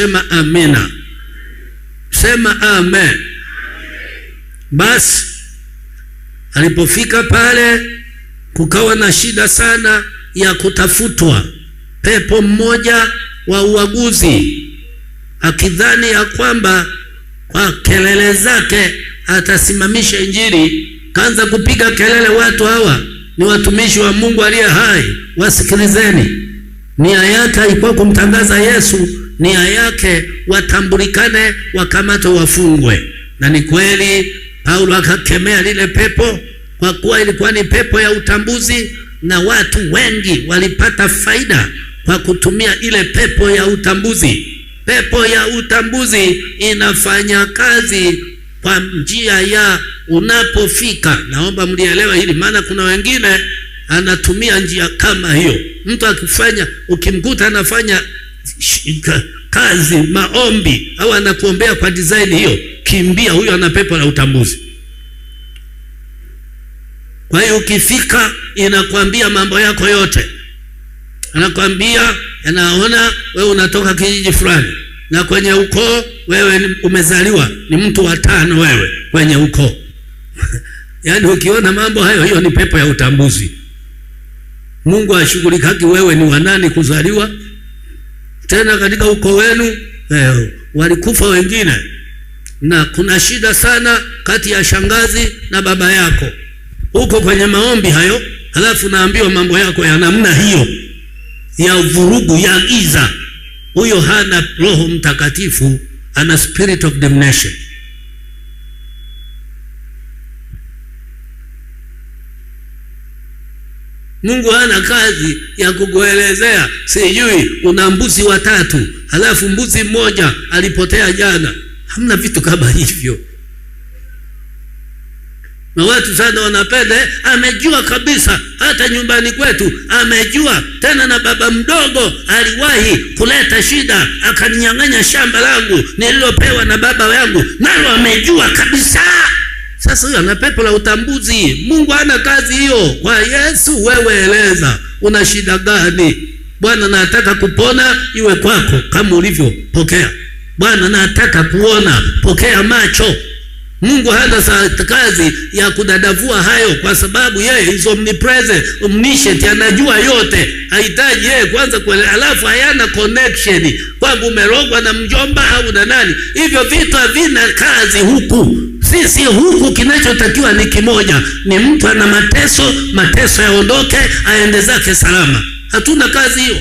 Sema amina, sema amen. Basi alipofika pale, kukawa na shida sana ya kutafutwa pepo mmoja wa uaguzi, akidhani ya kwamba kwa kelele zake atasimamisha Injili. Kaanza kupiga kelele, watu hawa ni watumishi wa Mungu aliye hai, wasikilizeni. Nia yake ilikuwa kumtangaza Yesu nia yake watambulikane, wakamatwe, wafungwe. Na ni kweli Paulo akakemea lile pepo, kwa kuwa ilikuwa ni pepo ya utambuzi, na watu wengi walipata faida kwa kutumia ile pepo ya utambuzi. Pepo ya utambuzi inafanya kazi kwa njia ya unapofika. Naomba mlielewe hili, maana kuna wengine anatumia njia kama hiyo. Mtu akifanya, ukimkuta anafanya kazi, maombi au anakuombea kwa design hiyo, kimbia, huyo ana pepo la utambuzi. Kwa hiyo ukifika, inakwambia mambo yako yote, anakwambia anaona wewe unatoka kijiji fulani, na kwenye ukoo wewe umezaliwa ni mtu wa tano, wewe kwenye ukoo yaani ukiona mambo hayo, hiyo ni pepo ya utambuzi. Mungu ashughulikaki wewe ni wanani kuzaliwa tena katika uko wenu eh, walikufa wengine, na kuna shida sana kati ya shangazi na baba yako, huko kwenye maombi hayo, halafu naambiwa mambo yako ya namna hiyo ya vurugu ya giza. Huyo hana Roho Mtakatifu, ana spirit of damnation. Mungu hana kazi ya kukuelezea, sijui una mbuzi watatu halafu mbuzi mmoja alipotea jana. Hamna vitu kama hivyo, na watu sana wanapenda amejua kabisa. Hata nyumbani kwetu amejua tena, na baba mdogo aliwahi kuleta shida, akaninyang'anya shamba langu nililopewa na baba yangu, nalo amejua kabisa. Sasa huyo ana pepo la utambuzi. Mungu hana kazi hiyo. Kwa Yesu wewe eleza una shida gani? Bwana, nataka kupona, iwe kwako kama ulivyo, pokea. Bwana, nataka kuona, pokea macho. Mungu hana kazi ya kudadavua hayo, kwa sababu yeye is omnipresent, omniscient, anajua yote. Hahitaji yeye kwanza kuelewa, alafu hayana connection kwamba umerogwa na mjomba au na nani. Hivyo vitu havina kazi huku. Sisi huku kinachotakiwa ni kimoja, ni mtu ana mateso, mateso yaondoke, aende zake salama. Hatuna kazi hiyo.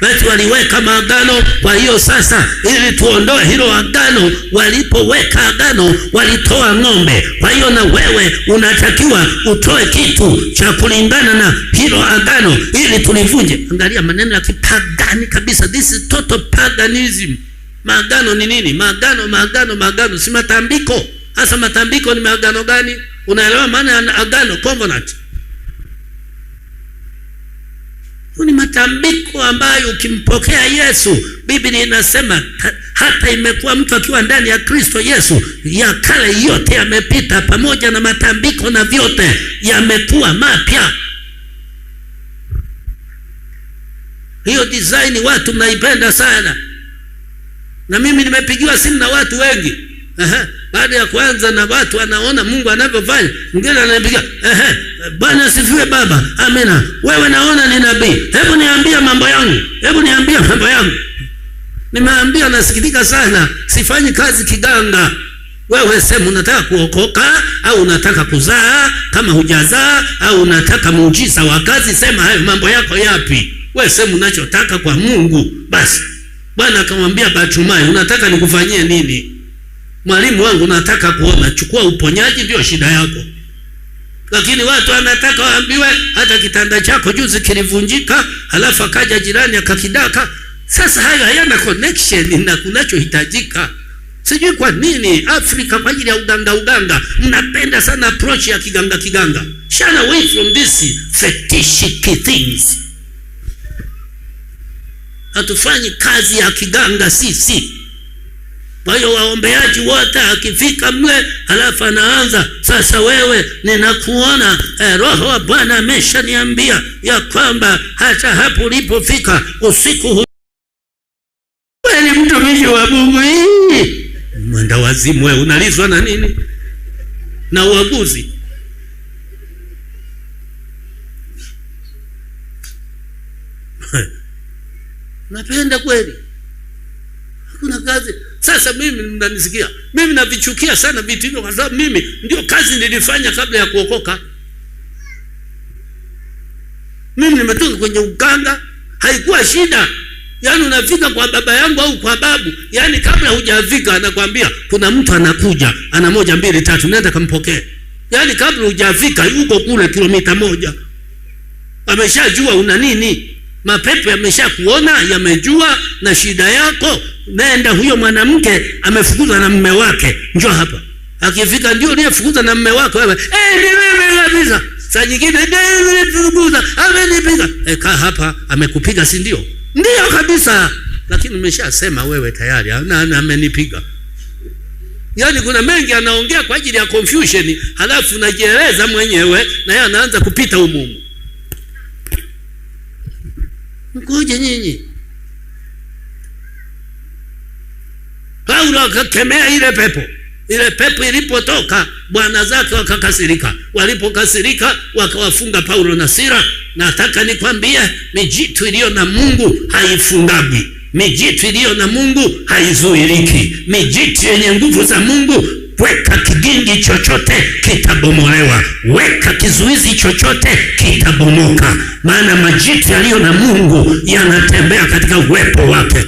Watu waliweka maagano. Kwa hiyo sasa, ili tuondoe hilo agano, walipoweka agano walitoa ng'ombe. Kwa hiyo na wewe unatakiwa utoe kitu cha kulingana na hilo agano ili tulivunje. Angalia maneno ya kipagani kabisa, this is total paganism. Maagano ni nini? Maagano, maagano, maagano si matambiko. Hasa matambiko ni maagano gani? Unaelewa maana ya agano, covenant? Ni matambiko ambayo ukimpokea Yesu, Biblia inasema hata imekuwa mtu akiwa ndani ya Kristo Yesu, ya kale yote yamepita, pamoja na matambiko na vyote yamekuwa mapya. Hiyo design watu mnaipenda sana na mimi nimepigiwa simu na watu wengi Aha. Baada ya kwanza na watu wanaona Mungu anavyofanya, mwingine ananipigia ehe, Bwana asifiwe baba, amina, wewe naona ni nabii, hebu niambie mambo yangu, hebu niambie mambo yangu. Nimeambia nasikitika sana, sifanyi kazi kiganga. Wewe sema unataka kuokoka au unataka kuzaa, kama hujazaa au unataka muujiza wa kazi, sema hayo mambo yako yapi. Wewe sema unachotaka kwa Mungu basi. Bwana akamwambia Bartimayo, unataka nikufanyie nini? Mwalimu wangu, nataka kuona. Chukua uponyaji, ndio shida yako. Lakini watu wanataka waambiwe, hata kitanda chako juzi kilivunjika, halafu akaja jirani akakidaka. Sasa hayo hayana connection na kunachohitajika. Sijui kwa nini Afrika kwa ajili ya uganga uganga mnapenda sana approach ya kiganga kiganga. Shana away from this fetishy things hatufanyi kazi ya kiganga sisi kwa hiyo waombeaji wote akifika mle halafu anaanza sasa wewe ninakuona eh, roho wa bwana ameshaniambia ya kwamba hata hapo ulipofika usiku hu... ni mtumishi wa mungu hii mwenda wazimu wewe unalizwa na nini na uaguzi unapenda kweli hakuna kazi sasa mimi mnanisikia mimi navichukia sana vitu hivyo kwa sababu mimi ndio kazi nilifanya kabla ya kuokoka mimi nimetoka kwenye uganga haikuwa shida yaani unafika kwa baba yangu au kwa babu yaani kabla hujafika anakwambia kuna mtu anakuja ana moja mbili tatu nenda kampokee yaani kabla hujafika yuko kule kilomita moja ameshajua una nini mapepo yamesha kuona yamejua na shida yako nenda huyo mwanamke amefukuzwa na mme wake njoo hapa akifika ndio uliyefukuzwa na mme wako wewe eh ni mimi kabisa saa nyingine nilifukuza amenipiga eh kaa hapa amekupiga si ndio ndio kabisa lakini umeshasema wewe tayari na amenipiga yaani kuna mengi anaongea kwa ajili ya confusion halafu najieleza mwenyewe na yeye anaanza kupita umumu mkoje nyinyi? Paulo akakemea ile pepo. Ile pepo ilipotoka bwana zake wakakasirika, walipokasirika wakawafunga Paulo na Sila. Nataka nikwambie, mijitu iliyo na Mungu haifungagi. Mijitu iliyo na Mungu haizuiliki. Mijitu yenye nguvu za Mungu weka kigingi chochote kitabomolewa, weka kizuizi chochote kitabomoka, maana majitu yaliyo na Mungu yanatembea katika uwepo wake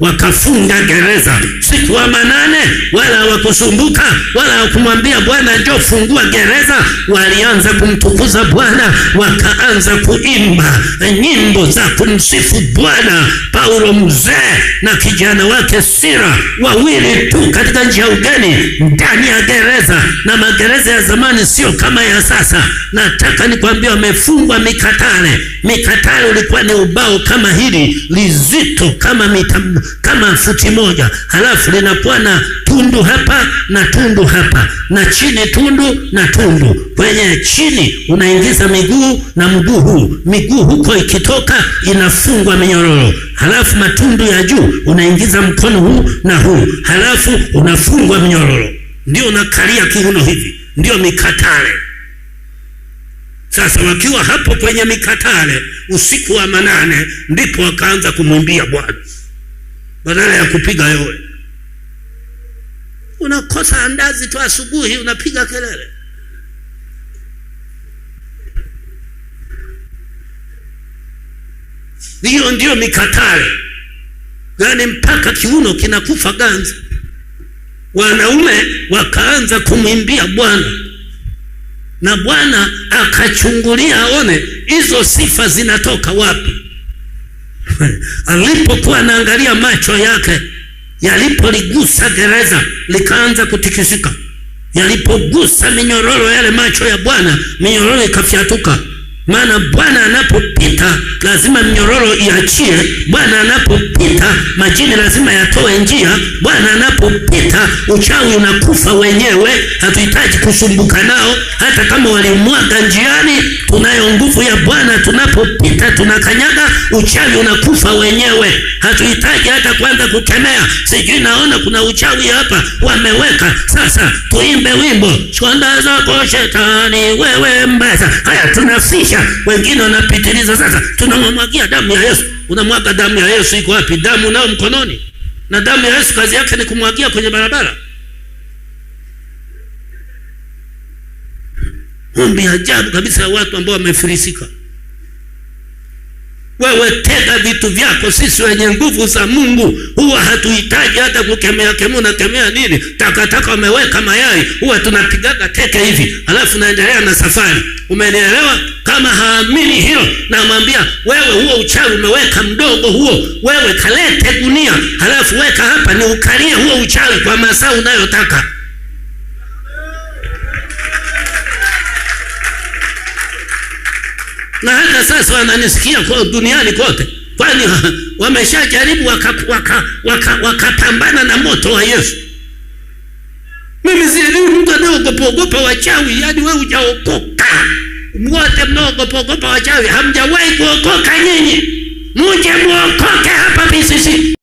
wakafunga gereza siku wa manane, wala hawakusumbuka wala hawakumwambia Bwana njoo fungua gereza. Walianza kumtukuza Bwana, wakaanza kuimba nyimbo za kumsifu Bwana. Paulo mzee na kijana wake Sira, wawili tu katika njia ya ugeni ndani ya gereza, na magereza ya zamani sio kama ya sasa. Nataka nikwambia, wamefungwa mikatale. Mikatale ulikuwa ni ubao kama hili lizito kama mita kama futi moja, halafu linakuwa na tundu hapa na tundu hapa na chini tundu na tundu. Kwenye chini unaingiza miguu na mguu huu, miguu huko ikitoka inafungwa minyororo, halafu matundu ya juu unaingiza mkono huu na huu, halafu unafungwa minyororo, ndio unakalia kiuno hivi, ndio mikatale. Sasa wakiwa hapo kwenye mikatale usiku wa manane, ndipo wakaanza kumwimbia Bwana badala ya kupiga yowe. Unakosa andazi tu asubuhi, unapiga kelele. Hiyo ndiyo mikatale, yaani mpaka kiuno kinakufa ganzi, wanaume wakaanza kumwimbia Bwana na Bwana akachungulia aone hizo sifa zinatoka wapi. Alipokuwa anaangalia, macho yake yalipoligusa gereza likaanza kutikisika. Yalipogusa minyororo yale macho ya Bwana, minyororo ikafyatuka, maana Bwana anapopita lazima mnyororo iachie. Bwana anapopita majini lazima yatoe njia. Bwana anapopita uchawi unakufa wenyewe, hatuhitaji kusumbuka nao. Hata kama walimwaga njiani, tunayo nguvu ya Bwana. Tunapopita tunakanyaga, uchawi unakufa wenyewe. Hatuhitaji hata kwanza kukemea, sijui naona kuna uchawi hapa wameweka. Sasa tuimbe wimbo shonda zako shetani, wewe mbaza. Haya tunafisha, wengine wanapitiliza. Sasa tuna unamwagia damu ya Yesu. Unamwaga damu ya Yesu iko wapi? Damu nao mkononi, na damu ya Yesu kazi yake ni kumwagia kwenye barabara. Ombi ajabu kabisa ya watu ambao wamefirisika wewe tega vitu vyako. Sisi wenye nguvu za Mungu huwa hatuhitaji hata kukemea kemea, unakemea nini? Takataka wameweka mayai, huwa tunapigaga teke hivi, alafu naendelea na safari. Umenielewa? Kama haamini hilo, namwambia wewe, huo uchawi umeweka mdogo huo, wewe kalete gunia, halafu weka hapa ni ukalie huo uchawi kwa masaa unayotaka. na hata sasa wananisikia kwa duniani kote, kwani wameshajaribu wakapambana waka, waka, waka na moto wa Yesu. Mimi sielewi mtu anaogopaogopa wachawi, yaani wewe hujaokoka. Wote mnaogopaogopa wachawi, hamjawahi kuokoka nyinyi, muje muokoke hapa BCC.